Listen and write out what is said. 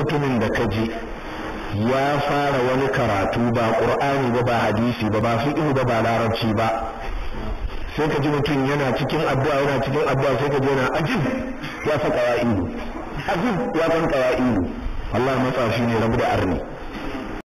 mutumin da ka ji ya fara wani karatu ba ƙur'ani ba ba hadisi ba ba ihu ba ba larabci ba sai ka ji mutum yana cikin addu'a yana cikin addu'a sai ka ji yana ajib ya fa qawaidu ajib ya san qawaidu Allah matsafi ne rabu da arni